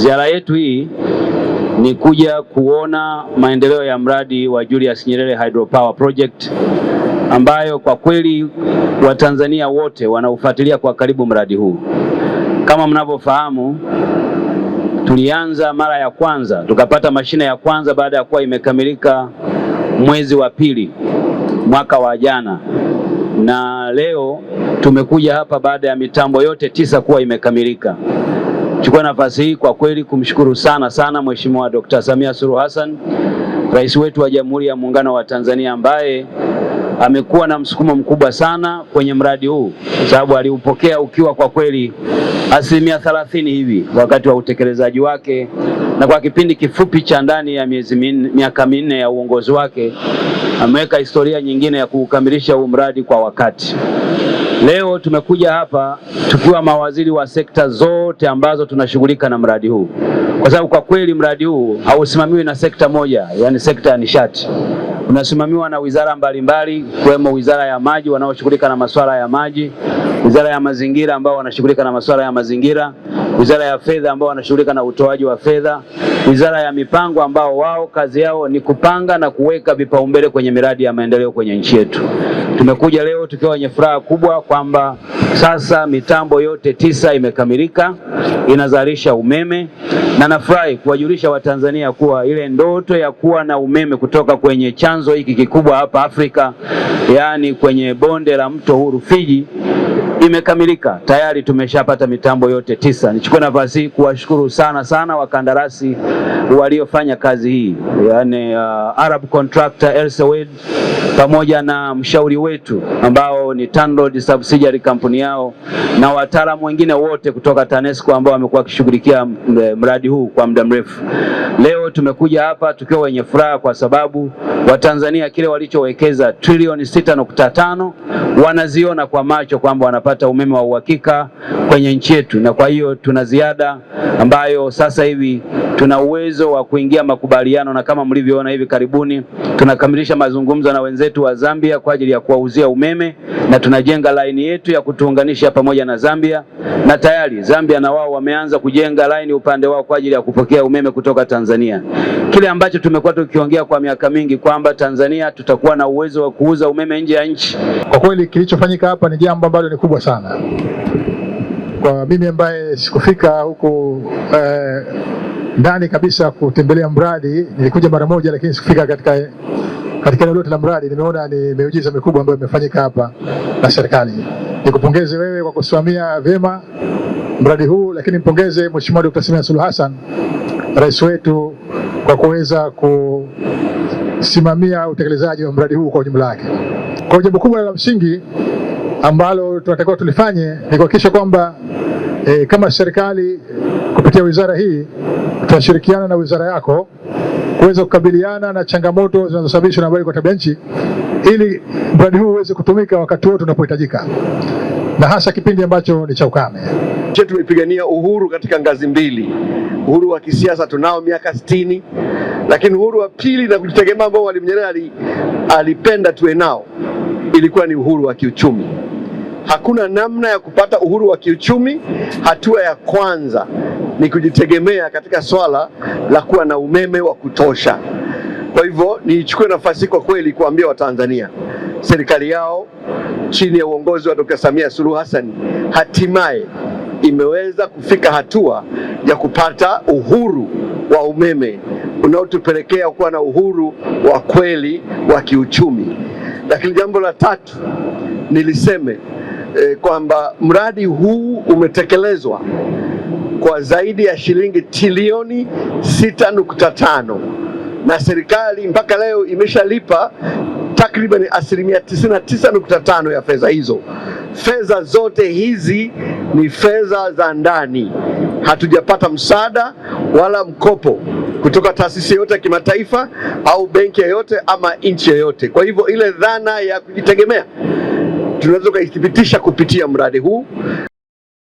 Ziara yetu hii ni kuja kuona maendeleo ya mradi wa Julius Nyerere Hydropower Project ambayo kwa kweli Watanzania wote wanaufuatilia kwa karibu mradi huu. Kama mnavyofahamu, tulianza mara ya kwanza tukapata mashine ya kwanza baada ya kuwa imekamilika mwezi wa pili mwaka wa jana, na leo tumekuja hapa baada ya mitambo yote tisa kuwa imekamilika. Chukua nafasi hii kwa kweli kumshukuru sana sana Mheshimiwa Dkt. Samia Suluhu Hassan, rais wetu wa Jamhuri ya Muungano wa Tanzania, ambaye amekuwa na msukumo mkubwa sana kwenye mradi huu, kwa sababu aliupokea ukiwa kwa kweli asilimia thelathini hivi wakati wa utekelezaji wake na kwa kipindi kifupi cha ndani ya miezi miaka minne ya uongozi wake ameweka historia nyingine ya kukamilisha huu mradi kwa wakati. Leo tumekuja hapa tukiwa mawaziri wa sekta zote ambazo tunashughulika na mradi huu, kwa sababu kwa kweli mradi huu hausimamiwi na sekta moja, yani sekta ya nishati unasimamiwa na wizara mbalimbali ikiwemo wizara ya maji wanaoshughulika na masuala ya maji, wizara ya mazingira ambao wanashughulika na masuala ya mazingira, wizara ya fedha ambao wanashughulika na utoaji wa fedha, wizara ya mipango ambao wao kazi yao ni kupanga na kuweka vipaumbele kwenye miradi ya maendeleo kwenye nchi yetu. Tumekuja leo tukiwa wenye furaha kubwa kwamba sasa mitambo yote tisa imekamilika inazalisha umeme, na nafurahi kuwajulisha Watanzania kuwa ile ndoto ya kuwa na umeme kutoka kwenye chanzo hiki kikubwa hapa Afrika, yaani kwenye bonde la mto huu Rufiji imekamilika tayari, tumeshapata mitambo yote tisa. Nichukue nafasi hii kuwashukuru sana sana wakandarasi waliofanya kazi hii, yani uh, Arab Contractor Elsewed pamoja na mshauri wetu ambao ni Tanroads subsidiary kampuni yao na wataalamu wengine wote kutoka TANESCO ambao wamekuwa wakishughulikia eh, mradi huu kwa muda mrefu. Leo tumekuja hapa tukiwa wenye furaha kwa sababu Watanzania kile walichowekeza trilioni 6.5 wanaziona kwa macho kwamba wanapata kupata umeme wa uhakika kwenye nchi yetu, na kwa hiyo tuna ziada ambayo sasa hivi tuna uwezo wa kuingia makubaliano, na kama mlivyoona hivi karibuni tunakamilisha mazungumzo na wenzetu wa Zambia kwa ajili ya kuwauzia umeme, na tunajenga laini yetu ya kutuunganisha pamoja na Zambia, na tayari Zambia na wao wameanza kujenga laini upande wao kwa ajili ya kupokea umeme kutoka Tanzania. Kile ambacho tumekuwa tukiongea kwa miaka mingi kwamba Tanzania tutakuwa na uwezo wa kuuza umeme nje ya nchi, kwa kweli kilichofanyika hapa ni jambo ambalo ni kubwa sana kwa mimi ambaye sikufika huku eh, ndani kabisa kutembelea mradi. Nilikuja mara moja, lakini sikufika katika katika eneo lote la mradi. Nimeona ni miujiza mikubwa ambayo imefanyika hapa na serikali. Nikupongeze wewe kwa kusimamia vyema mradi huu, lakini mpongeze Mheshimiwa Dkt. Samia Suluhu Hassan, rais wetu, kwa kuweza kusimamia utekelezaji wa mradi huu kwa ujumla wake. Kwa jambo kubwa la msingi ambalo tunatakiwa tulifanye ni kuhakikisha kwamba e, kama serikali e, kupitia wizara hii tunashirikiana na wizara yako kuweza kukabiliana na changamoto zinazosababishwa na mabadiliko ya tabia nchi ili mradi huu uweze kutumika wakati wote unapohitajika na hasa kipindi ambacho ni cha ukame. Je, tumepigania uhuru katika ngazi mbili. Uhuru wa kisiasa tunao miaka sitini, lakini uhuru wa pili na kujitegemea ambao Mwalimu Nyerere alipenda tuwe nao ilikuwa ni uhuru wa kiuchumi hakuna namna ya kupata uhuru wa kiuchumi. Hatua ya kwanza ni kujitegemea katika swala la kuwa na umeme wa kutosha. Kwa hivyo niichukue nafasi kwa kweli kuambia Watanzania, serikali yao chini ya uongozi wa Dr. Samia Suluhu Hassan hatimaye imeweza kufika hatua ya kupata uhuru wa umeme unaotupelekea kuwa na uhuru wa kweli wa kiuchumi. Lakini jambo la tatu niliseme e, kwamba mradi huu umetekelezwa kwa zaidi ya shilingi trilioni 6.5 na serikali mpaka leo imeshalipa takriban asilimia 99.5 ya fedha hizo. Fedha zote hizi ni fedha za ndani, hatujapata msaada wala mkopo kutoka taasisi yoyote ya kimataifa au benki yoyote ama nchi yoyote. Kwa hivyo ile dhana ya kujitegemea tunaweza kuithibitisha kupitia mradi huu